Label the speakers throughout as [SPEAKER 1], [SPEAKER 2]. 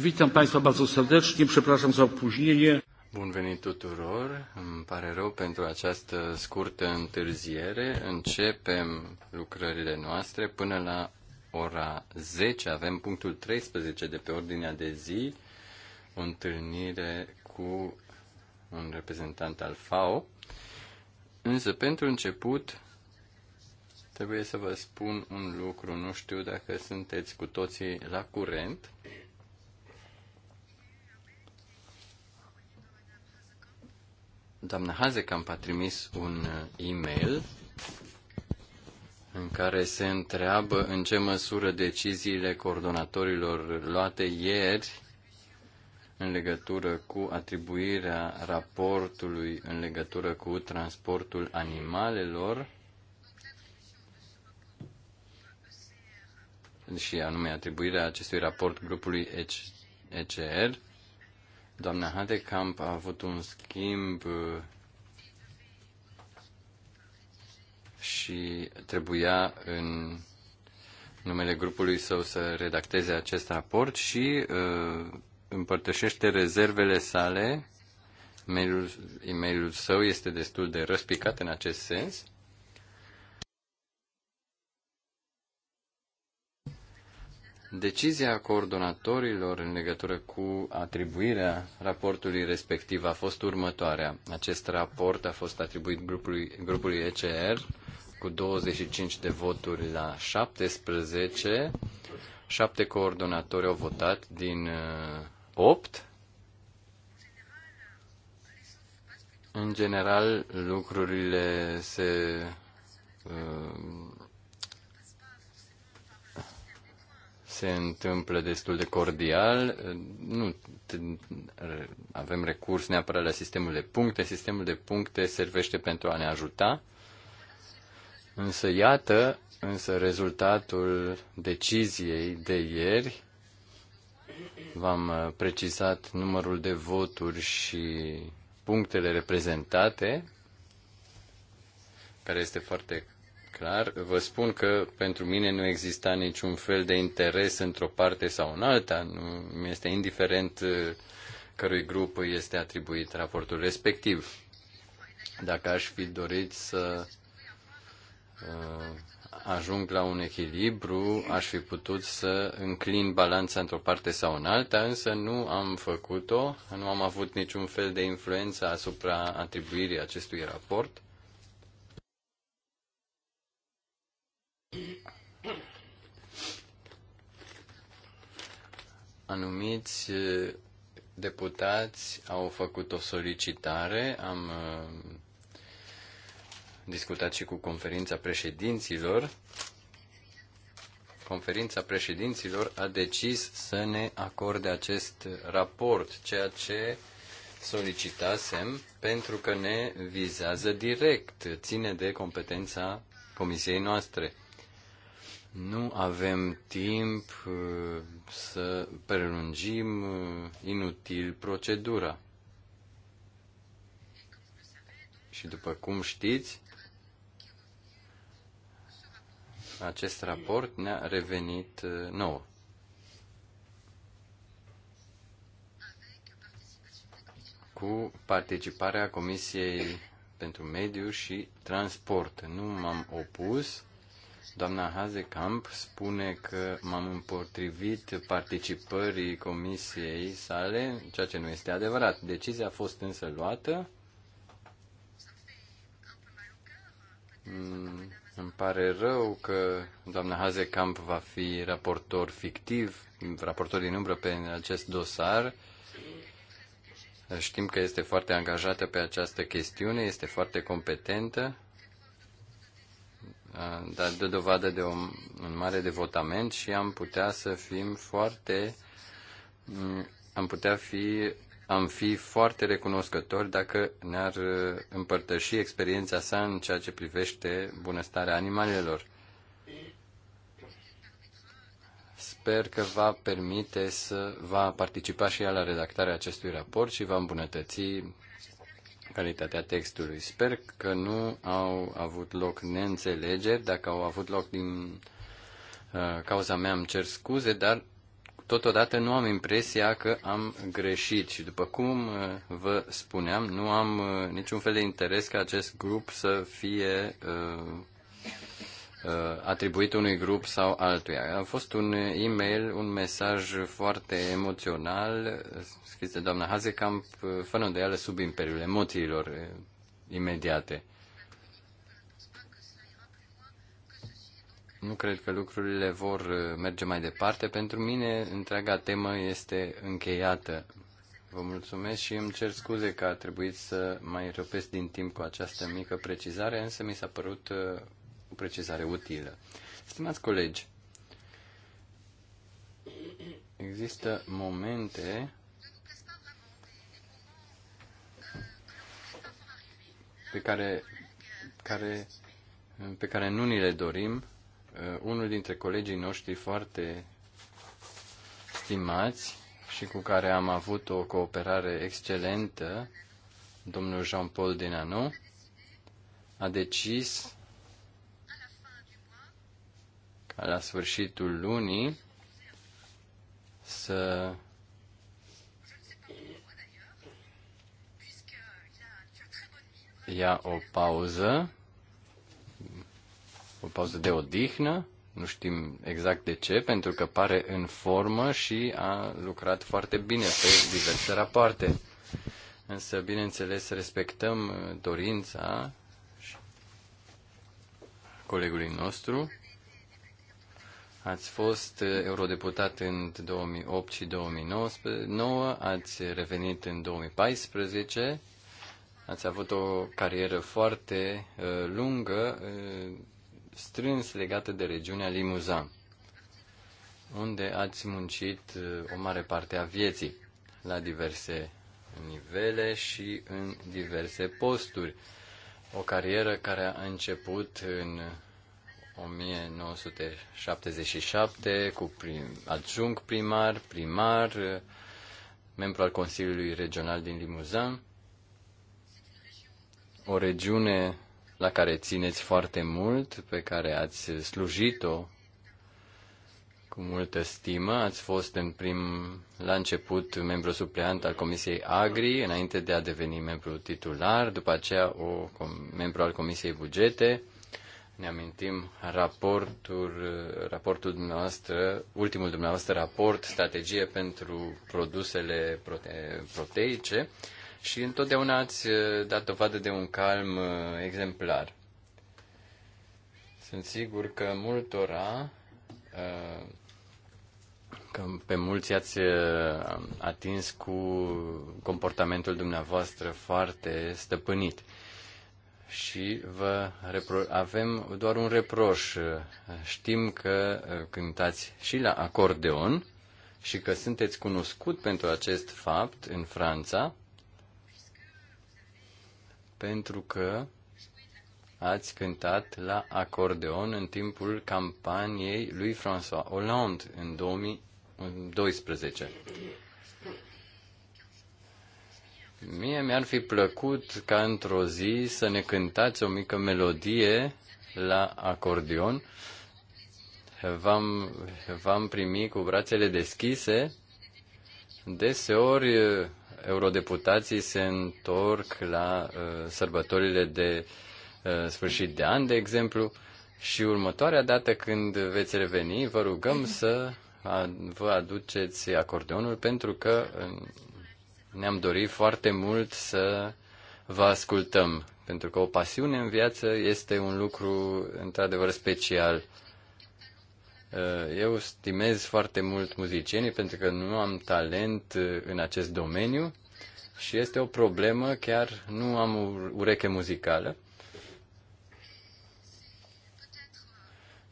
[SPEAKER 1] Witam Państwa bardzo serdecznie, przepraszam za opóźnienie.
[SPEAKER 2] Bun venit tuturor, îmi pare rău pentru această scurtă întârziere. Începem lucrările noastre până la ora 10. Avem punctul 13 de pe ordinea de zi, o întâlnire cu un reprezentant al FAO. Însă, pentru început, trebuie să vă spun un lucru. Nu știu dacă sunteți cu toții la curent. Doamna Hazekam a trimis un uh, e-mail în care se întreabă în ce măsură deciziile coordonatorilor luate ieri în legătură cu atribuirea raportului în legătură cu transportul animalelor și anume atribuirea acestui raport grupului ECR Doamna Hadecamp a avut un schimb uh, și trebuia în numele grupului său să redacteze acest raport și uh, împărtășește rezervele sale. E-mailul, e-mailul său este destul de răspicat în acest sens. Decizia coordonatorilor în legătură cu atribuirea raportului respectiv a fost următoarea. Acest raport a fost atribuit grupului, grupului ECR cu 25 de voturi la 17. Șapte coordonatori au votat din 8. Uh, în general, lucrurile se uh, se întâmplă destul de cordial. Nu avem recurs neapărat la sistemul de puncte. Sistemul de puncte servește pentru a ne ajuta. Însă iată, însă rezultatul deciziei de ieri, v-am uh, precizat numărul de voturi și punctele reprezentate, care este foarte clar. Vă spun că pentru mine nu exista niciun fel de interes într-o parte sau în alta. Nu este indiferent uh, cărui grup este atribuit raportul respectiv. Dacă aș fi dorit să uh, ajung la un echilibru, aș fi putut să înclin balanța într-o parte sau în alta, însă nu am făcut-o, nu am avut niciun fel de influență asupra atribuirii acestui raport. anumiți deputați au făcut o solicitare, am discutat și cu conferința președinților. Conferința președinților a decis să ne acorde acest raport, ceea ce solicitasem pentru că ne vizează direct, ține de competența comisiei noastre. Nu avem timp uh, să prelungim uh, inutil procedura. Și după cum știți, acest raport ne-a revenit uh, nou, Cu participarea Comisiei pentru Mediu și Transport. Nu m-am opus Doamna Hazekamp spune că m-am împotrivit participării comisiei sale, ceea ce nu este adevărat. Decizia a fost însă luată. Mm, îmi pare rău că doamna Hazekamp va fi raportor fictiv, raportor din umbră pe acest dosar. Știm că este foarte angajată pe această chestiune, este foarte competentă dar dă dovadă de un, un mare devotament și am putea să fim foarte mm, am putea fi am fi foarte recunoscători dacă ne-ar uh, împărtăși experiența sa în ceea ce privește bunăstarea animalelor. Sper că va permite să va participa și ea la redactarea acestui raport și va îmbunătăți calitatea textului. Sper că nu au avut loc neînțelegeri. Dacă au avut loc din uh, cauza mea, îmi cer scuze, dar totodată nu am impresia că am greșit și după cum uh, vă spuneam, nu am uh, niciun fel de interes ca acest grup să fie uh, Uh, atribuit unui grup sau altuia. A fost un e-mail, un mesaj foarte emoțional uh, scris de doamna Hazekamp, uh, fără îndoială sub imperiul emoțiilor imediate. Nu cred că lucrurile vor merge mai departe. Pentru mine, întreaga temă este încheiată. Vă mulțumesc și îmi cer scuze că a trebuit să mai răpesc din timp cu această mică precizare, însă mi s-a părut o precizare utilă. Stimați colegi, există momente pe care, care, pe care nu ni le dorim. Uh, unul dintre colegii noștri foarte stimați și cu care am avut o cooperare excelentă, domnul Jean-Paul Denano, a decis la sfârșitul lunii să ia o pauză, o pauză de odihnă, nu știm exact de ce, pentru că pare în formă și a lucrat foarte bine pe diverse rapoarte. Însă, bineînțeles, respectăm dorința colegului nostru Ați fost uh, eurodeputat în 2008 și 2009, ați revenit în 2014, ați avut o carieră foarte uh, lungă, uh, strâns legată de regiunea Limuzan, unde ați muncit o mare parte a vieții, la diverse nivele și în diverse posturi. O carieră care a început în 1977 cu prim, adjunct primar, primar, membru al Consiliului Regional din Limuzan, o regiune la care țineți foarte mult, pe care ați slujit-o cu multă stimă. Ați fost în prim, la început membru supleant al Comisiei Agri, înainte de a deveni membru titular, după aceea o, membru al Comisiei Bugete, ne amintim raportul, raportul dumneavoastră, ultimul dumneavoastră raport, strategie pentru produsele prote- proteice și întotdeauna ați uh, dat dovadă de un calm uh, exemplar. Sunt sigur că multora, uh, că pe mulți ați atins cu comportamentul dumneavoastră foarte stăpânit și vă repro- avem doar un reproș. Știm că uh, cântați și la acordeon și că sunteți cunoscut pentru acest fapt în Franța, pentru că ați cântat la acordeon în timpul campaniei lui François Hollande în 2012. Mie mi-ar fi plăcut ca într-o zi să ne cântați o mică melodie la acordion. V-am, v-am primit cu brațele deschise. Deseori eh, eurodeputații se întorc la uh, sărbătorile de uh, sfârșit de an, de exemplu, și următoarea dată când veți reveni, vă rugăm să vă aduceți acordeonul pentru că ne-am dorit foarte mult să vă ascultăm, pentru că o pasiune în viață este un lucru într-adevăr special. Eu stimez foarte mult muzicienii pentru că nu am talent uh, în acest domeniu și este o problemă, chiar nu am ureche muzicală.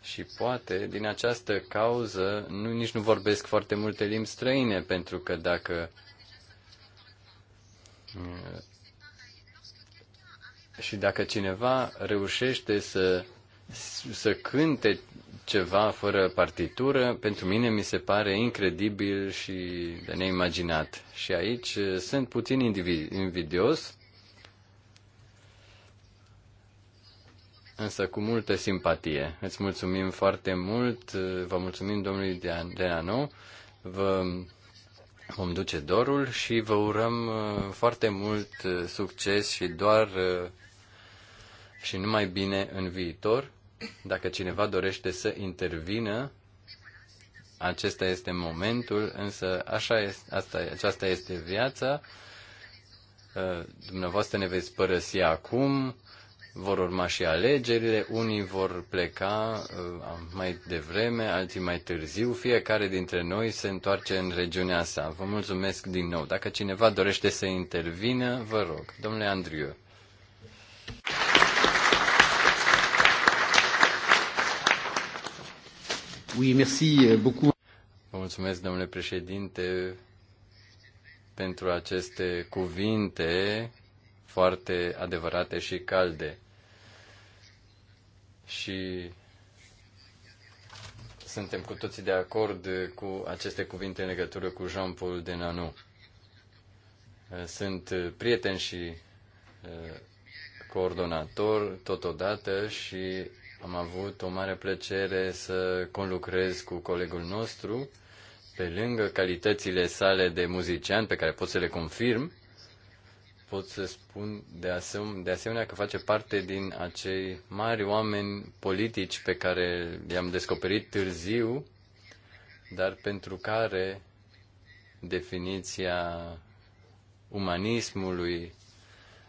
[SPEAKER 2] Și poate din această cauză nu, nici nu vorbesc foarte multe limbi străine, pentru că dacă uh, Mm. Și dacă cineva reușește să, să cânte ceva fără partitură, pentru mine mi se pare incredibil și de neimaginat. Și aici uh, sunt puțin invidios, însă cu multă simpatie. Îți mulțumim foarte mult, uh, vă mulțumim domnului Deano, vă vom duce dorul și vă urăm uh, foarte mult uh, succes și doar uh, și numai bine în viitor. Dacă cineva dorește să intervină, acesta este momentul, însă așa este, asta, aceasta este viața. Dumneavoastră ne veți părăsi acum, vor urma și alegerile, unii vor pleca uh, mai devreme, alții mai târziu, fiecare dintre noi se întoarce în regiunea sa. Vă mulțumesc din nou. Dacă cineva dorește să intervină, vă rog. Domnule Andriu. Oui, merci beaucoup. Vă mulțumesc, domnule președinte, pentru aceste cuvinte foarte adevărate și calde și suntem cu toții de acord cu aceste cuvinte în legătură cu Jean-Paul Nanu. Sunt prieten și coordonator totodată și am avut o mare plăcere să conlucrez cu colegul nostru, pe lângă calitățile sale de muzician, pe care pot să le confirm, pot să spun de asemenea, de asemenea că face parte din acei mari oameni politici pe care i-am descoperit târziu, dar pentru care definiția umanismului,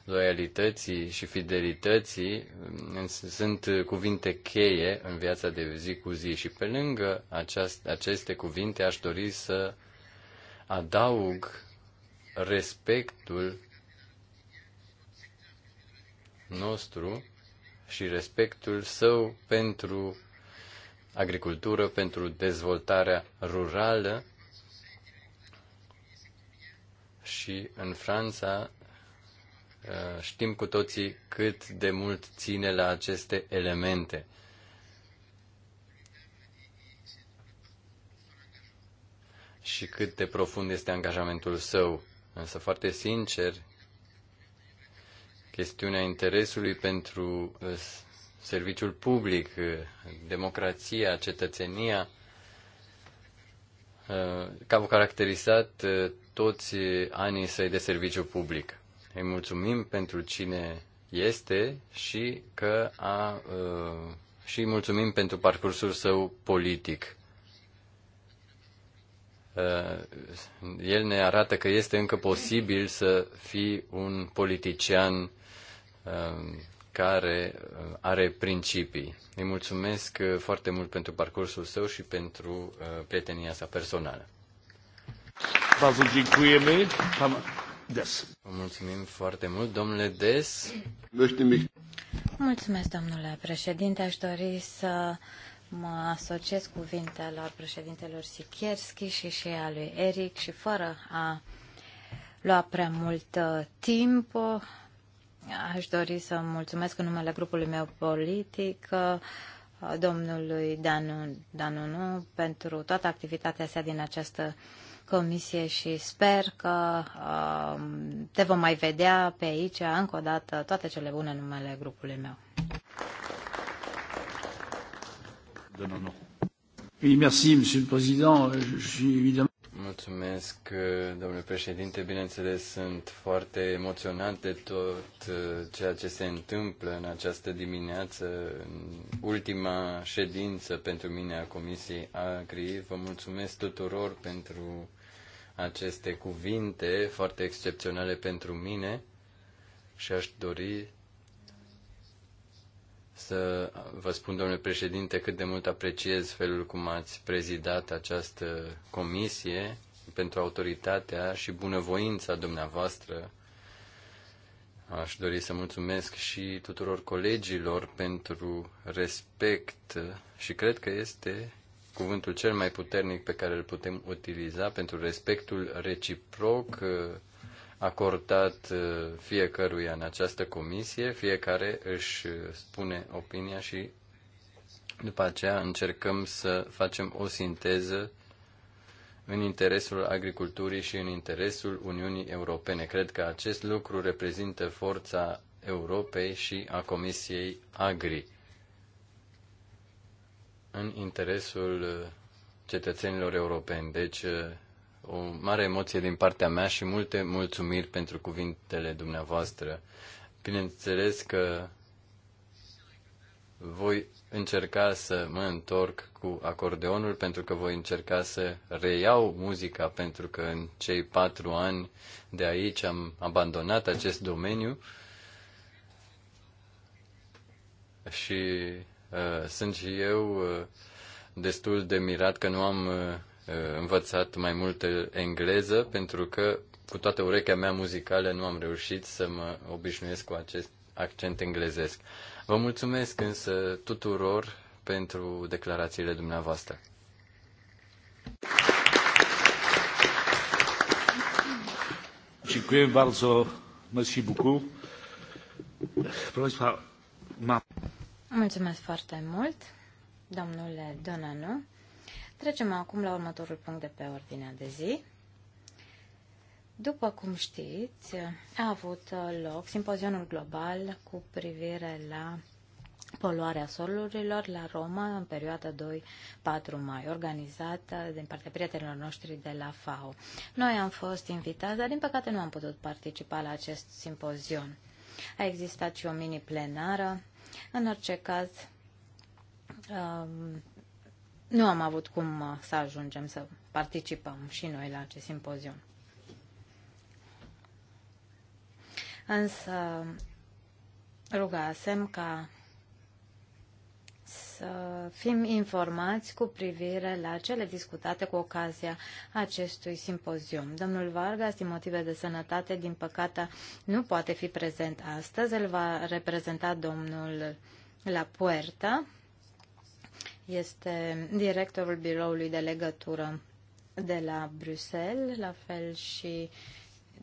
[SPEAKER 2] loialității și fidelității mm, sunt cuvinte cheie în viața de zi cu zi și pe lângă aceast- aceste cuvinte aș dori să adaug respectul nostru și respectul său pentru agricultură, pentru dezvoltarea rurală și în Franța uh, știm cu toții cât de mult ține la aceste elemente. și cât de profund este angajamentul său. Însă, foarte sincer, chestiunea interesului pentru uh, serviciul public, uh, democrația, cetățenia, uh, că au caracterizat toți anii săi de serviciu public. Îi mulțumim pentru cine este și că a, și mulțumim pentru parcursul său politic. El ne arată că este încă posibil să fii un politician Um, care uh, are principii. Îi mulțumesc uh, foarte mult pentru parcursul său și pentru uh, prietenia sa personală. Bardzo dziękujemy. Pan Des. Vă mulțumim foarte mult, domnule Des.
[SPEAKER 3] Mulțumesc, domnule președinte. Aș dori să mă asociez cuvintelor președintelor Sikierski și și a lui Eric și fără a lua prea mult timp, Aș dori să mulțumesc în numele grupului meu politic uh, domnului Danu, Danunu pentru toată activitatea sa din această comisie și sper că uh, te vom mai vedea pe aici încă o dată toate cele bune în numele grupului meu.
[SPEAKER 2] Oui, merci, Monsieur le Président. Je suis évidemment Mulțumesc, domnule președinte. Bineînțeles, sunt foarte emoționat de tot uh, ceea ce se întâmplă în această dimineață, în ultima ședință pentru mine a Comisiei Agri. Vă mulțumesc tuturor pentru aceste cuvinte foarte excepționale pentru mine și aș dori să vă spun, domnule președinte, cât de mult apreciez felul cum ați prezidat această comisie pentru autoritatea și bunăvoința dumneavoastră. Aș dori să mulțumesc și tuturor colegilor pentru respect și cred că este cuvântul cel mai puternic pe care îl putem utiliza pentru respectul reciproc acordat uh, fiecăruia în această comisie, fiecare își spune opinia și după aceea încercăm să facem o sinteză în interesul agriculturii și în interesul Uniunii Europene. Cred că acest lucru reprezintă forța Europei și a Comisiei Agri în interesul uh, cetățenilor europeni. Deci uh, o mare emoție din partea mea și multe mulțumiri pentru cuvintele dumneavoastră. Bineînțeles că voi încerca să mă întorc cu acordeonul pentru că voi încerca să reiau muzica pentru că în cei patru ani de aici am abandonat acest domeniu și uh, sunt și eu uh, destul de mirat că nu am uh, învățat mai multă engleză pentru că cu toată urechea mea muzicală nu am reușit să mă obișnuiesc cu acest accent englezesc. Vă mulțumesc însă tuturor pentru declarațiile dumneavoastră.
[SPEAKER 1] Dziękuję bardzo. Merci beaucoup.
[SPEAKER 3] Mulțumesc foarte mult, domnule Donanu. Trecem acum la următorul punct de pe ordinea de zi. După cum știți, a avut loc simpozionul global cu privire la poluarea solurilor la Roma în perioada 2-4 mai, organizată din partea prietenilor noștri de la FAO. Noi am fost invitați, dar din păcate nu am putut participa la acest simpozion. A existat și o mini-plenară. În orice caz, um, nu am avut cum uh, să ajungem să participăm și noi la acest simpozion. Însă rugasem ca să fim informați cu privire la cele discutate cu ocazia acestui simpozium. Domnul Vargas, din motive de sănătate, din păcate, nu poate fi prezent astăzi. El va reprezenta domnul La Puerta, este directorul biroului de legătură de la Bruxelles, la fel și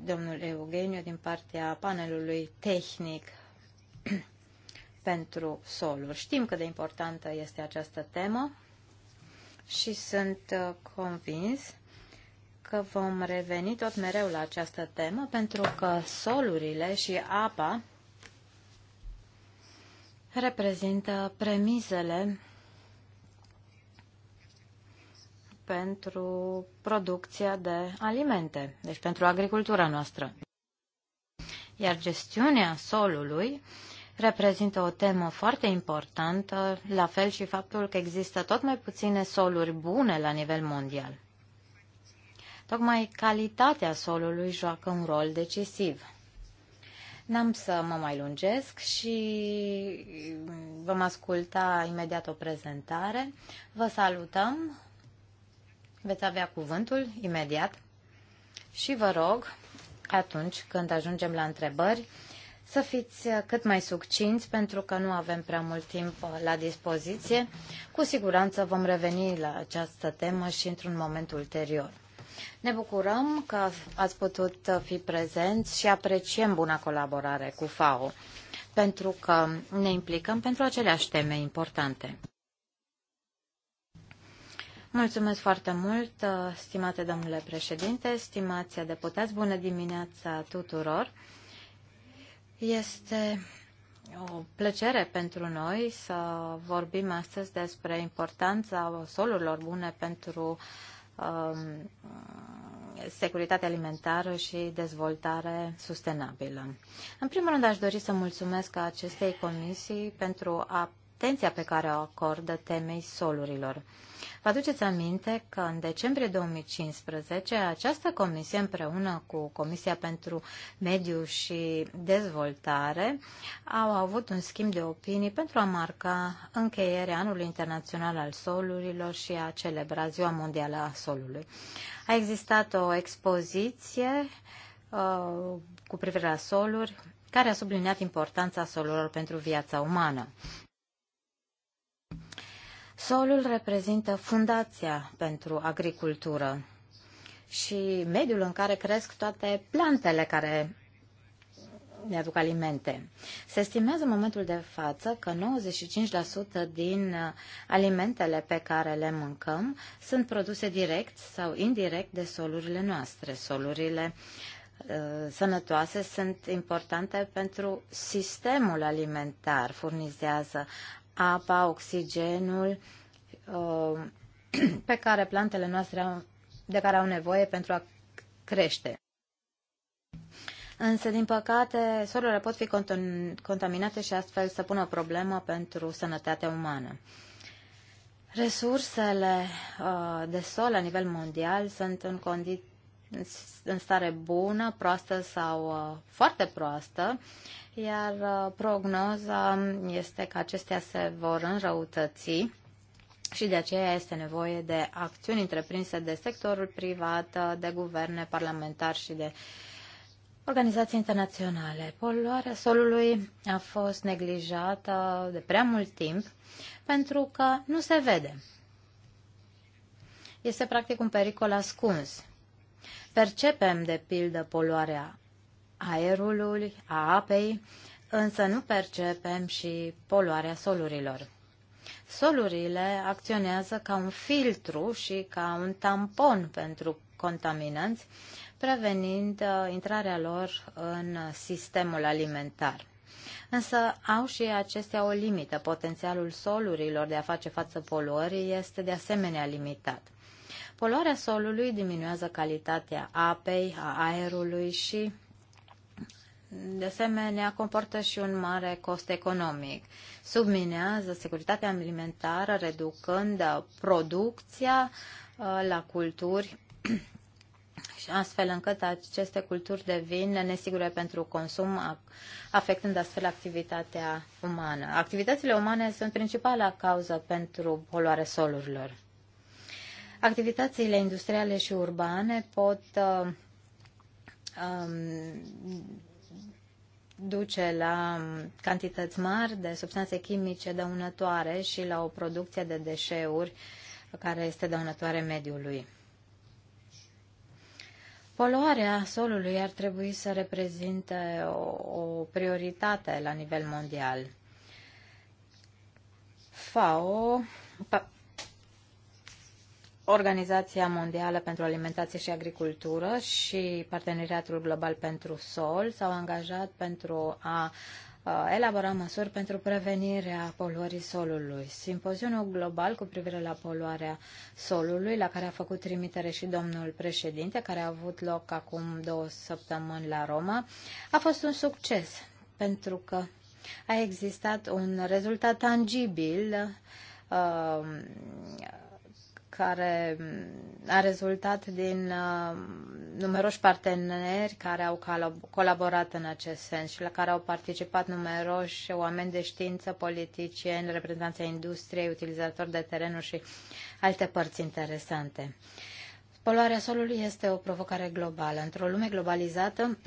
[SPEAKER 3] domnul Eugeniu din partea panelului tehnic pentru soluri. Știm cât de importantă este această temă și sunt uh, convins că vom reveni tot mereu la această temă pentru că solurile și apa reprezintă premizele pentru producția de alimente, deci pentru agricultura noastră. Iar gestiunea solului reprezintă o temă foarte importantă, la fel și faptul că există tot mai puține soluri bune la nivel mondial. Tocmai calitatea solului joacă un rol decisiv. N-am să mă mai lungesc și vom asculta imediat o prezentare. Vă salutăm Veți avea cuvântul imediat și vă rog, atunci când ajungem la întrebări, să fiți cât mai succinți pentru că nu avem prea mult timp la dispoziție. Cu siguranță vom reveni la această temă și într-un moment ulterior. Ne bucurăm că ați putut fi prezenți și apreciem buna colaborare cu FAO, pentru că ne implicăm pentru aceleași teme importante. Mulțumesc foarte mult, uh, stimate domnule președinte, stimați deputați, bună dimineața tuturor. Este o plăcere pentru noi să vorbim astăzi despre importanța solurilor bune pentru um, securitate alimentară și dezvoltare sustenabilă. În primul rând aș dori să mulțumesc acestei comisii pentru a atenția pe care o acordă temei solurilor. Vă aduceți aminte că în decembrie 2015 această comisie împreună cu Comisia pentru Mediu și Dezvoltare au avut un schimb de opinii pentru a marca încheierea anului internațional al solurilor și a celebra Ziua Mondială a Solului. A existat o expoziție uh, cu privire la soluri care a subliniat importanța solurilor pentru viața umană. Solul reprezintă fundația pentru agricultură și mediul în care cresc toate plantele care ne aduc alimente. Se estimează în momentul de față că 95% din alimentele pe care le mâncăm sunt produse direct sau indirect de solurile noastre. Solurile uh, sănătoase sunt importante pentru sistemul alimentar, furnizează apa, oxigenul uh, pe care plantele noastre au, de care au nevoie pentru a crește. Însă, din păcate, solurile pot fi contaminate și astfel să pună o problemă pentru sănătatea umană. Resursele uh, de sol la nivel mondial sunt în, condi- în stare bună, proastă sau uh, foarte proastă iar uh, prognoza este că acestea se vor înrăutăți și de aceea este nevoie de acțiuni întreprinse de sectorul privat, uh, de guverne, parlamentari și de organizații internaționale. Poluarea solului a fost neglijată de prea mult timp pentru că nu se vede. Este practic un pericol ascuns. Percepem, de pildă, poluarea aerului, a apei, însă nu percepem și poluarea solurilor. Solurile acționează ca un filtru și ca un tampon pentru contaminanți, prevenind uh, intrarea lor în sistemul alimentar. Însă au și acestea o limită. Potențialul solurilor de a face față poluării este de asemenea limitat. Poluarea solului diminuează calitatea apei, a aerului și de asemenea, comportă și un mare cost economic. Subminează securitatea alimentară, reducând uh, producția uh, la culturi astfel încât aceste culturi devin nesigure pentru consum, afectând astfel activitatea umană. Activitățile umane sunt principala cauză pentru poluare solurilor. Activitățile industriale și urbane pot uh, um, duce la cantități mari de substanțe chimice dăunătoare și la o producție de deșeuri care este dăunătoare mediului. Poluarea solului ar trebui să reprezinte o, o prioritate la nivel mondial. FAO Organizația Mondială pentru Alimentație și Agricultură și Parteneriatul Global pentru Sol s-au angajat pentru a elabora măsuri pentru prevenirea poluării solului. Simpozionul global cu privire la poluarea solului, la care a făcut trimitere și domnul președinte, care a avut loc acum două săptămâni la Roma, a fost un succes pentru că a existat un rezultat tangibil uh, care mm, a rezultat din uh, numeroși parteneri care au colaborat în acest sens și la care au participat numeroși oameni de știință, politicieni, reprezentanța industriei, utilizatori de terenuri și alte părți interesante. Poluarea solului este o provocare globală. Într-o lume globalizată,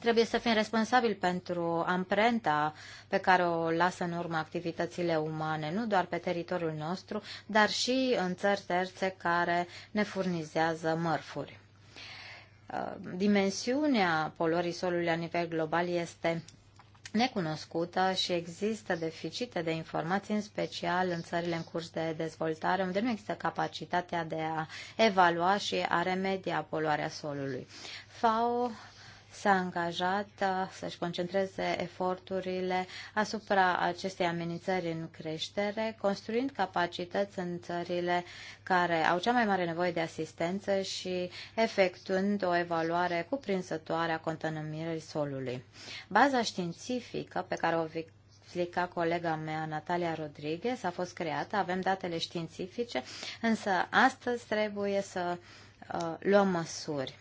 [SPEAKER 3] trebuie să fim responsabili pentru amprenta pe care o lasă în urmă activitățile umane, nu doar pe teritoriul nostru, dar și în țări terțe care ne furnizează mărfuri. Uh, dimensiunea poluării solului la nivel global este necunoscută și există deficite de informații, în special în țările în curs de dezvoltare, unde nu există capacitatea de a evalua și a remedia poluarea solului. FAO s-a angajat uh, să-și concentreze eforturile asupra acestei amenințări în creștere, construind capacități în țările care au cea mai mare nevoie de asistență și efectuând o evaluare cuprinsătoare a contaminării solului. Baza științifică pe care o explica colega mea, Natalia Rodriguez, a fost creată, avem datele științifice, însă astăzi trebuie să uh, luăm măsuri.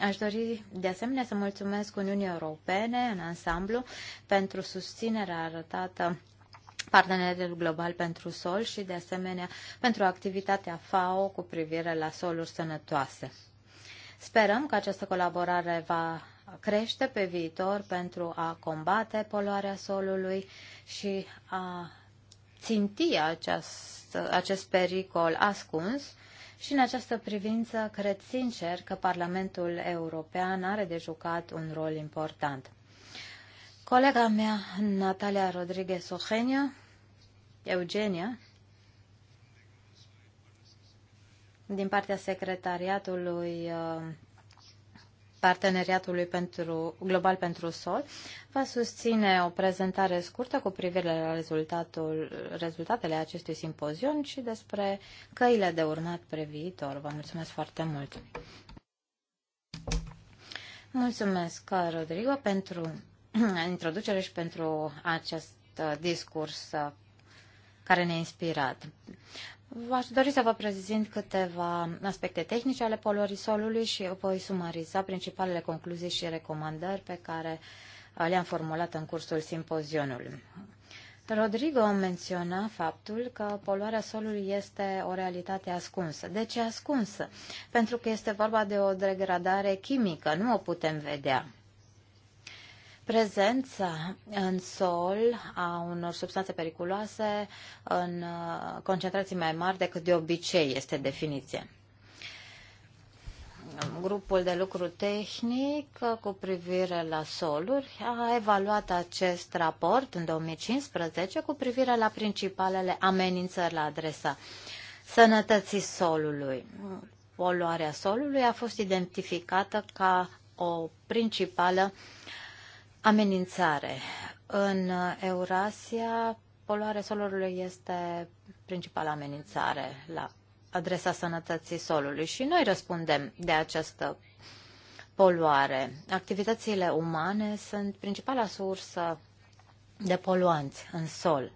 [SPEAKER 3] Aș dori de asemenea să mulțumesc Uniunii Europene în ansamblu pentru susținerea arătată partenerul global pentru sol și de asemenea pentru activitatea FAO cu privire la soluri sănătoase. Sperăm că această colaborare va crește pe viitor pentru a combate poluarea solului și a ținti acest, acest pericol ascuns și în această privință, cred sincer că Parlamentul European are de jucat un rol important. Colega mea, Natalia Rodriguez Ogenia, Eugenia, din partea secretariatului uh, Parteneriatului pentru, Global pentru Sol va susține o prezentare scurtă cu privire la rezultatul, rezultatele acestui simpozion și despre căile de urmat pre viitor. Vă mulțumesc foarte mult! Mulțumesc, Rodrigo, pentru introducere și pentru acest uh, discurs uh, care ne-a inspirat. V-aș dori să vă prezint câteva aspecte tehnice ale poluării solului și voi sumariza principalele concluzii și recomandări pe care uh, le-am formulat în cursul simpozionului. Rodrigo menționa faptul că poluarea solului este o realitate ascunsă. De ce ascunsă? Pentru că este vorba de o degradare chimică, nu o putem vedea prezența în sol a unor substanțe periculoase în uh, concentrații mai mari decât de obicei este definiție. Grupul de lucru tehnic uh, cu privire la soluri a evaluat acest raport în 2015 cu privire la principalele amenințări la adresa sănătății solului. Poluarea solului a fost identificată ca o principală uh, amenințare. În Eurasia, poluarea solului este principala amenințare la adresa sănătății solului și noi răspundem de această poluare. Activitățile umane sunt principala sursă de poluanți în sol.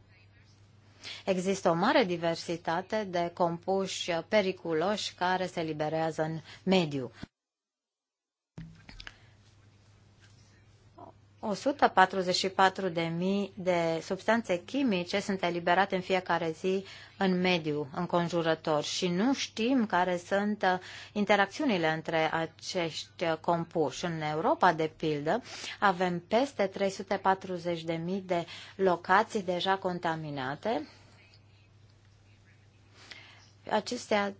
[SPEAKER 3] Există o mare diversitate de compuși periculoși care se liberează în mediu. 144.000 de substanțe chimice sunt eliberate în fiecare zi în mediu înconjurător și nu știm care sunt uh, interacțiunile între acești uh, compuși. În Europa, de pildă, avem peste 340.000 de locații deja contaminate. Acestea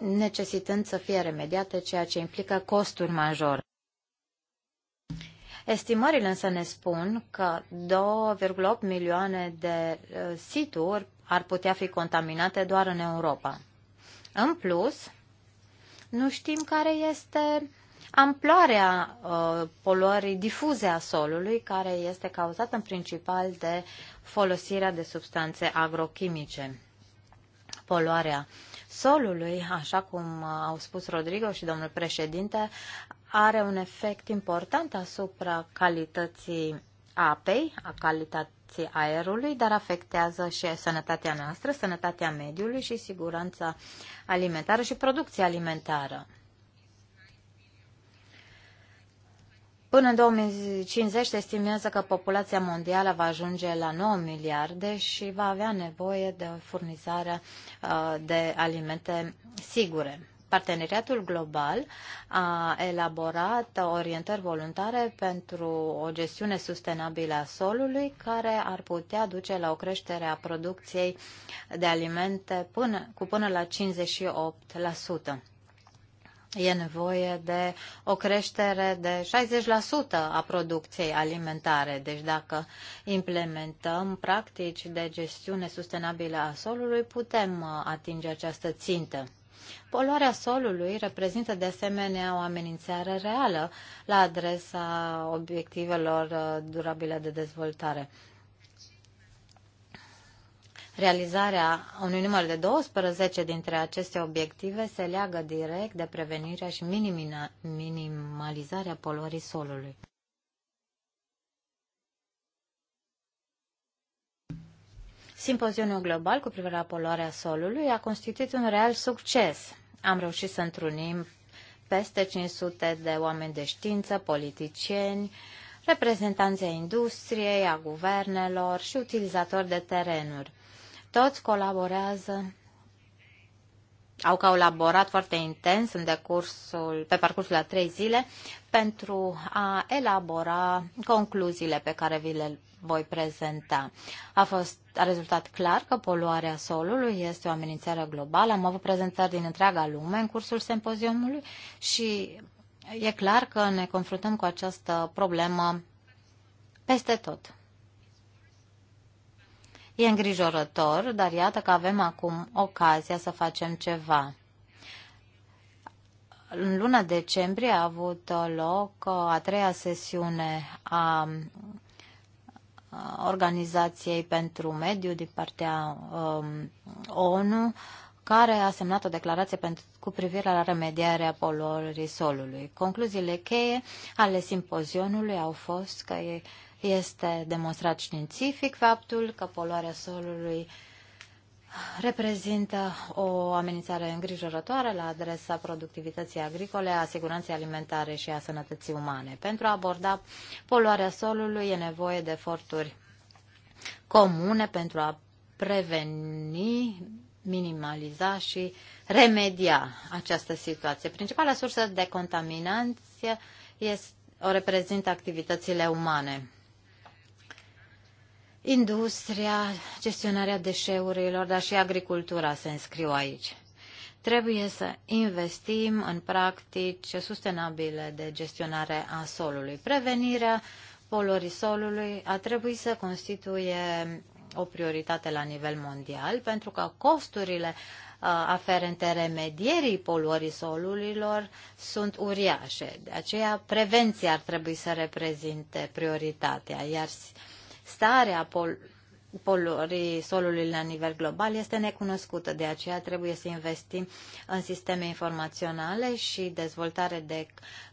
[SPEAKER 3] necesitând să fie remediate, ceea ce implică costuri majore. Estimările însă ne spun că 2,8 milioane de uh, situri ar putea fi contaminate doar în Europa. În plus, nu știm care este amploarea uh, poluării difuze a solului, care este cauzată în principal de folosirea de substanțe agrochimice. Poluarea solului, așa cum uh, au spus Rodrigo și domnul președinte, are un efect important asupra calității apei, a calității aerului, dar afectează și sănătatea noastră, sănătatea mediului și siguranța alimentară și producția alimentară. Până în 2050 se estimează că populația mondială va ajunge la 9 miliarde și va avea nevoie de furnizarea uh, de alimente sigure. Parteneriatul Global a elaborat orientări voluntare pentru o gestiune sustenabilă a solului, care ar putea duce la o creștere a producției de alimente până, cu până la 58%. E nevoie de o creștere de 60% a producției alimentare. Deci dacă implementăm practici de gestiune sustenabilă a solului, putem atinge această țintă. Poluarea solului reprezintă de asemenea o amenințare reală la adresa obiectivelor uh, durabile de dezvoltare. Realizarea unui număr de 12 dintre aceste obiective se leagă direct de prevenirea și minimalizarea poluării solului. Simpozionul global cu privire la poluarea solului a constituit un real succes. Am reușit să întrunim peste 500 de oameni de știință, politicieni, reprezentanții ai industriei, a guvernelor și utilizatori de terenuri. Toți colaborează, au colaborat foarte intens în decursul, pe parcursul a trei zile pentru a elabora concluziile pe care vi le voi prezenta. A, fost, a rezultat clar că poluarea solului este o amenințare globală. Am avut prezentări din întreaga lume în cursul simpoziumului și e clar că ne confruntăm cu această problemă peste tot. E îngrijorător, dar iată că avem acum ocazia să facem ceva. În luna decembrie a avut loc uh, a treia sesiune a Uh, Organizației pentru Mediu din partea um, ONU, care a semnat o declarație pentru, cu privire la remediarea poluării solului. Concluziile cheie ale simpozionului au fost că este demonstrat științific faptul că poluarea solului uh, reprezintă o amenințare îngrijorătoare la adresa productivității agricole, a siguranței alimentare și a sănătății umane. Pentru a aborda poluarea solului e nevoie de eforturi comune pentru a preveni, minimaliza și remedia această situație. Principala sursă de contaminanție este, o reprezintă activitățile umane. Industria, gestionarea deșeurilor, dar și agricultura se înscriu aici. Trebuie să investim în practici sustenabile de gestionare a solului. Prevenirea poluării solului a trebuit să constituie o prioritate la nivel mondial, pentru că costurile uh, aferente remedierii poluării solurilor sunt uriașe. De aceea, prevenția ar trebui să reprezinte prioritatea, iar starea pol poluării solului la nivel global este necunoscută, de aceea trebuie să investim în sisteme informaționale și dezvoltare de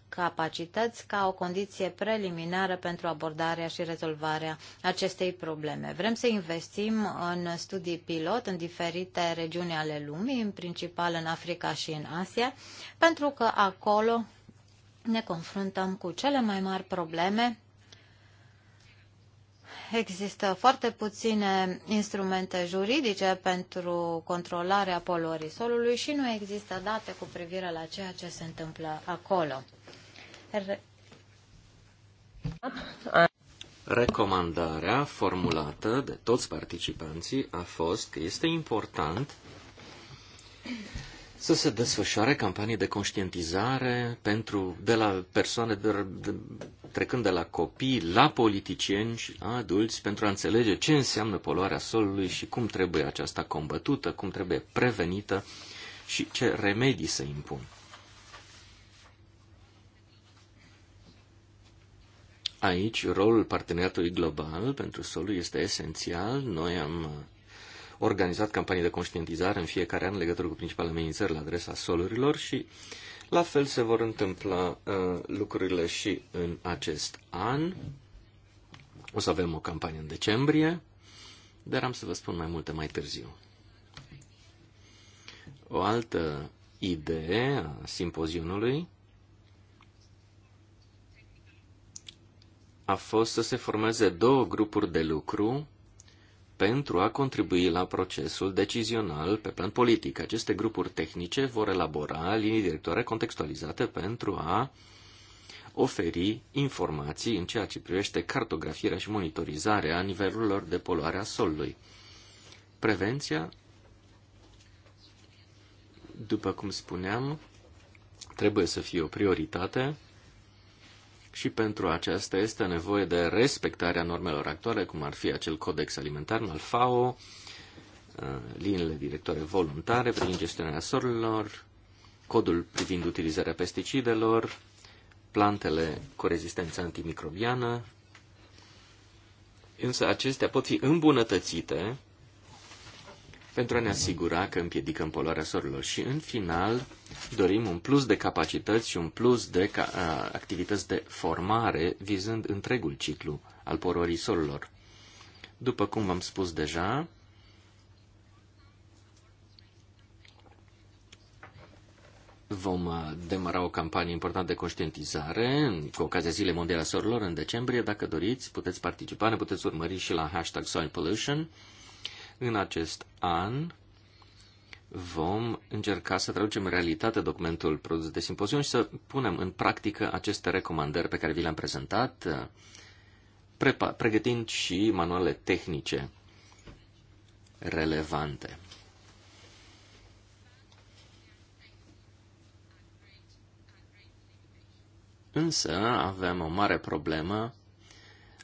[SPEAKER 3] capacități ca o condiție preliminară pentru abordarea și rezolvarea acestei probleme. Vrem să investim în studii pilot în diferite regiuni ale lumii, în principal în Africa și în Asia, pentru că acolo ne confruntăm cu cele mai mari probleme există foarte puține instrumente juridice pentru controlarea poluării solului și nu există date cu privire la ceea ce se întâmplă acolo. Re...
[SPEAKER 1] Recomandarea formulată de toți participanții a fost că este important să se desfășoare campanii de conștientizare pentru, de la persoane, de, de, trecând de la copii la politicieni și la adulți, pentru a înțelege ce înseamnă poluarea solului și cum trebuie aceasta combătută, cum trebuie prevenită și ce remedii se impun. Aici, rolul parteneriatului global pentru solul este esențial. Noi am organizat campanii de conștientizare în fiecare an legătură cu principalele amenințări la adresa solurilor și la fel se vor întâmpla uh, lucrurile și în acest an. O să avem o campanie în decembrie, dar am să vă spun mai multe mai târziu. O altă idee a simpozionului a fost să se formeze două grupuri de lucru pentru a contribui la procesul decizional pe plan politic. Aceste grupuri tehnice vor elabora linii directoare contextualizate pentru a oferi informații în ceea ce privește cartografierea și monitorizarea nivelurilor de poluare a solului. Prevenția, după cum spuneam, trebuie să fie o prioritate și pentru aceasta este nevoie de respectarea normelor actuale, cum ar fi acel codex alimentar al FAO, uh, liniile directoare voluntare privind gestionarea sorilor, codul privind utilizarea pesticidelor, plantele cu rezistență antimicrobiană, însă acestea pot fi îmbunătățite pentru a ne asigura că împiedicăm poluarea sorilor. Și în final dorim un plus de capacități și un plus de activități de formare vizând întregul ciclu al poluării sorilor. După cum v-am spus deja, vom demara o campanie importantă de conștientizare cu ocazia Zilei Mondiale a Sorilor în decembrie. Dacă doriți, puteți participa, ne puteți urmări și la hashtag Soil Pollution. În acest an vom încerca să traducem în realitate documentul produs de simpozion și să punem în practică aceste recomandări pe care vi le-am prezentat, pregătind și manuale tehnice relevante. Însă avem o mare problemă.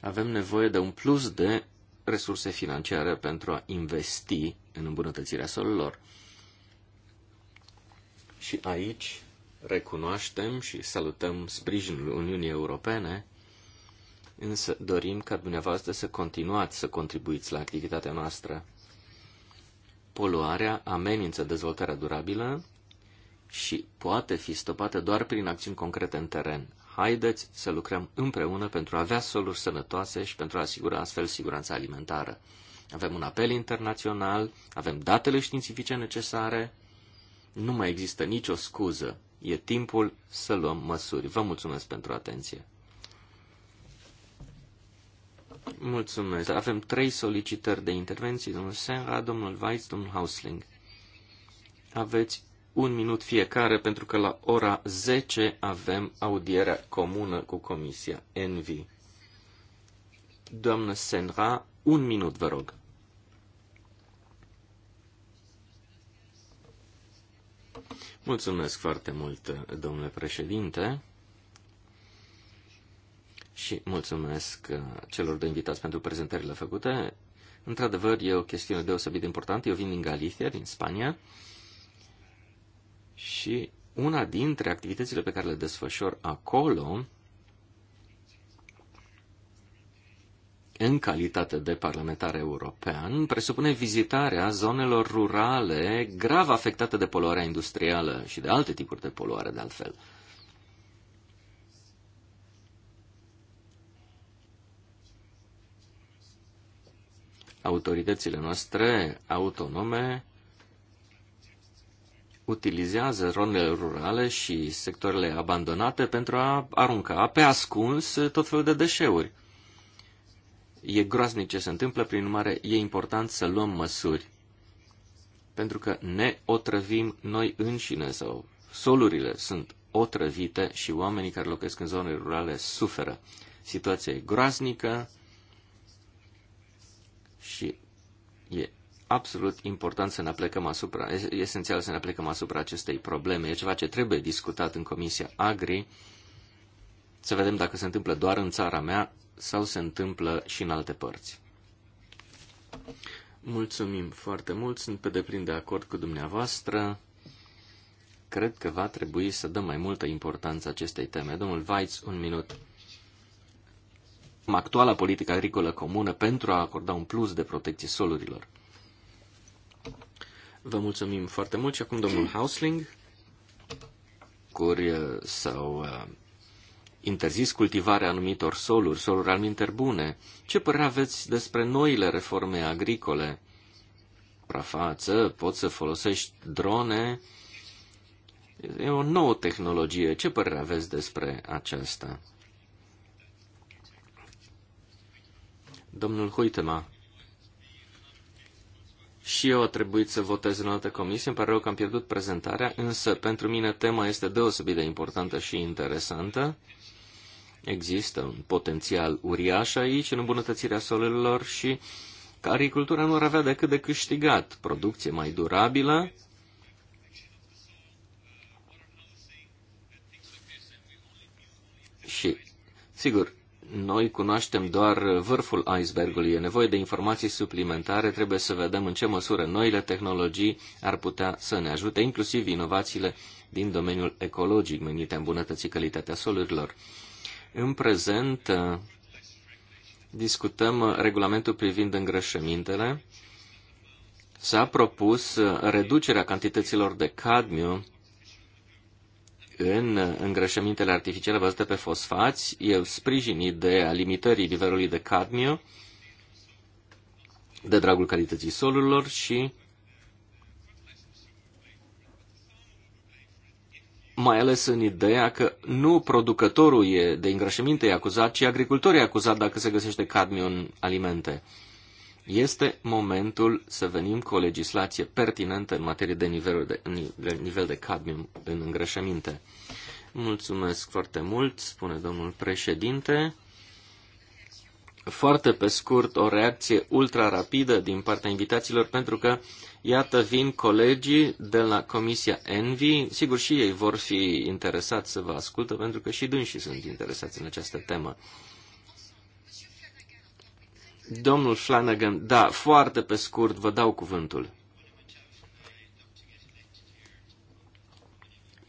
[SPEAKER 1] Avem nevoie de un plus de resurse financiare pentru a investi în îmbunătățirea solilor. Și aici recunoaștem și salutăm sprijinul Uniunii Europene, însă dorim ca dumneavoastră să continuați să contribuiți la activitatea noastră. Poluarea amenință dezvoltarea durabilă și poate fi stopată doar prin acțiuni concrete în teren. Haideți să lucrăm împreună pentru a avea soluri sănătoase și pentru a asigura astfel siguranța alimentară. Avem un apel internațional, avem datele științifice necesare, nu mai există nicio scuză. E timpul să luăm măsuri. Vă mulțumesc pentru atenție. Mulțumesc. Avem trei solicitări de intervenții, domnul Senra, domnul Weiss, domnul Hausling. Aveți un minut fiecare, pentru că la ora 10 avem audierea comună cu Comisia Envi. Doamnă Senra, un minut, vă rog. Mulțumesc foarte mult, domnule președinte, și mulțumesc celor de invitați pentru prezentările făcute. Într-adevăr, e o chestiune deosebit de importantă. Eu vin din Galicia, din Spania, și una dintre activitățile pe care le desfășor acolo, în calitate de parlamentar european, presupune vizitarea zonelor rurale grav afectate de poluarea industrială și de alte tipuri de poluare, de altfel. Autoritățile noastre autonome utilizează zonele rurale și sectoarele abandonate pentru a arunca pe ascuns tot felul de deșeuri. E groaznic ce se întâmplă, prin urmare e important să luăm măsuri, pentru că ne otrăvim noi înșine sau solurile sunt otrăvite și oamenii care locuiesc în zone rurale suferă. Situația e groaznică și e absolut important să ne aplecăm asupra, esențial să ne aplecăm asupra acestei probleme. E ceva ce trebuie discutat în Comisia Agri, să vedem dacă se întâmplă doar în țara mea sau se întâmplă și în alte părți. Mulțumim foarte mult, sunt pe deplin de acord cu dumneavoastră. Cred că va trebui să dăm mai multă importanță acestei teme. Domnul Weitz, un minut. Actuala politică agricolă comună pentru a acorda un plus de protecție solurilor. Vă mulțumim foarte mult și acum domnul Hausling. Curi uh, sau uh, interzis cultivarea anumitor soluri, soluri alminter bune. Ce părere aveți despre noile reforme agricole? Prafață, poți să folosești drone. E o nouă tehnologie. Ce părere aveți despre aceasta? Domnul Huitema, și eu a trebuit să votez în altă comisie, îmi pare rău că am pierdut prezentarea, însă pentru mine tema este deosebit de importantă și interesantă. Există un potențial uriaș aici în îmbunătățirea solelor și că agricultura nu ar avea decât de câștigat. Producție mai durabilă, și, sigur, noi cunoaștem doar vârful icebergului. E nevoie de informații suplimentare. Trebuie să vedem în ce măsură noile tehnologii ar putea să ne ajute, inclusiv inovațiile din domeniul ecologic menite îmbunătății calitatea solurilor. În prezent uh, discutăm regulamentul privind îngrășămintele. S-a propus uh, reducerea cantităților de cadmiu în îngrășămintele artificiale bazate pe fosfați, eu sprijin ideea limitării nivelului de cadmiu de dragul calității solurilor și mai ales în ideea că nu producătorul e de îngrășăminte e acuzat, ci agricultorul e acuzat dacă se găsește cadmiu în alimente. Este momentul să venim cu o legislație pertinentă în materie de nivel de, nivel de cadmium în îngrășăminte. Mulțumesc foarte mult, spune domnul președinte. Foarte pe scurt, o reacție ultra rapidă din partea invitaților, pentru că, iată, vin colegii de la Comisia Envi. Sigur, și ei vor fi interesați să vă ascultă, pentru că și dânsii sunt interesați în această temă. Domnul Flanagan, da, foarte pe scurt, vă dau cuvântul.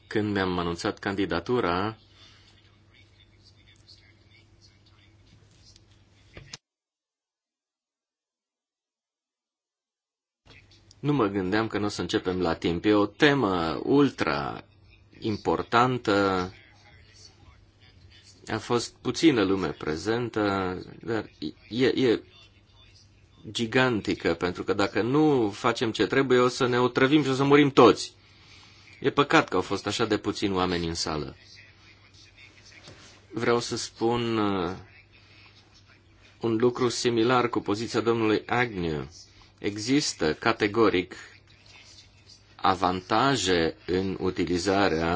[SPEAKER 1] Când mi-am anunțat candidatura, nu mă gândeam că nu o să începem la timp. E o temă ultra importantă, a fost puțină lume prezentă, dar e, e gigantică, pentru că dacă nu facem ce trebuie, o să ne otrăvim și o să murim toți. E păcat că au fost așa de puțini oameni în sală. Vreau să spun uh, un lucru similar cu poziția domnului Agnew. Există categoric avantaje în utilizarea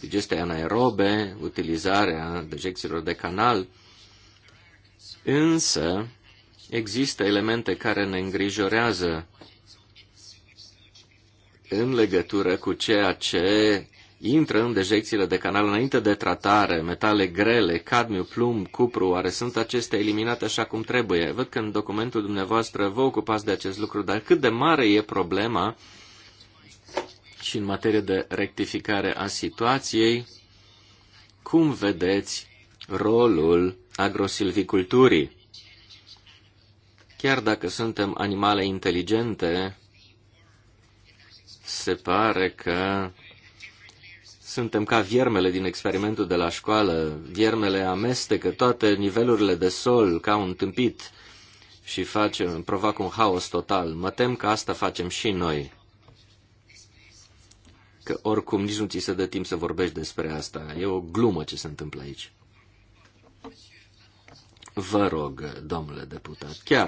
[SPEAKER 1] digestei anaerobe, utilizarea dejecțiilor de canal, însă există elemente care ne îngrijorează în legătură cu ceea ce intră în dejecțiile de canal înainte de tratare, metale grele, cadmiu, plumb, cupru, oare sunt acestea eliminate așa cum trebuie? Văd că în documentul dumneavoastră vă ocupați de acest lucru, dar cât de mare e problema și în materie de rectificare a situației, cum vedeți rolul agrosilviculturii? Chiar dacă suntem animale inteligente, se pare că suntem ca viermele din experimentul de la școală. Viermele amestecă toate nivelurile de sol ca un tâmpit și face, provoacă un haos total. Mă tem că asta facem și noi că oricum nici nu ți se dă timp să vorbești despre asta. E o glumă ce se întâmplă aici. Vă rog, domnule deputat, chiar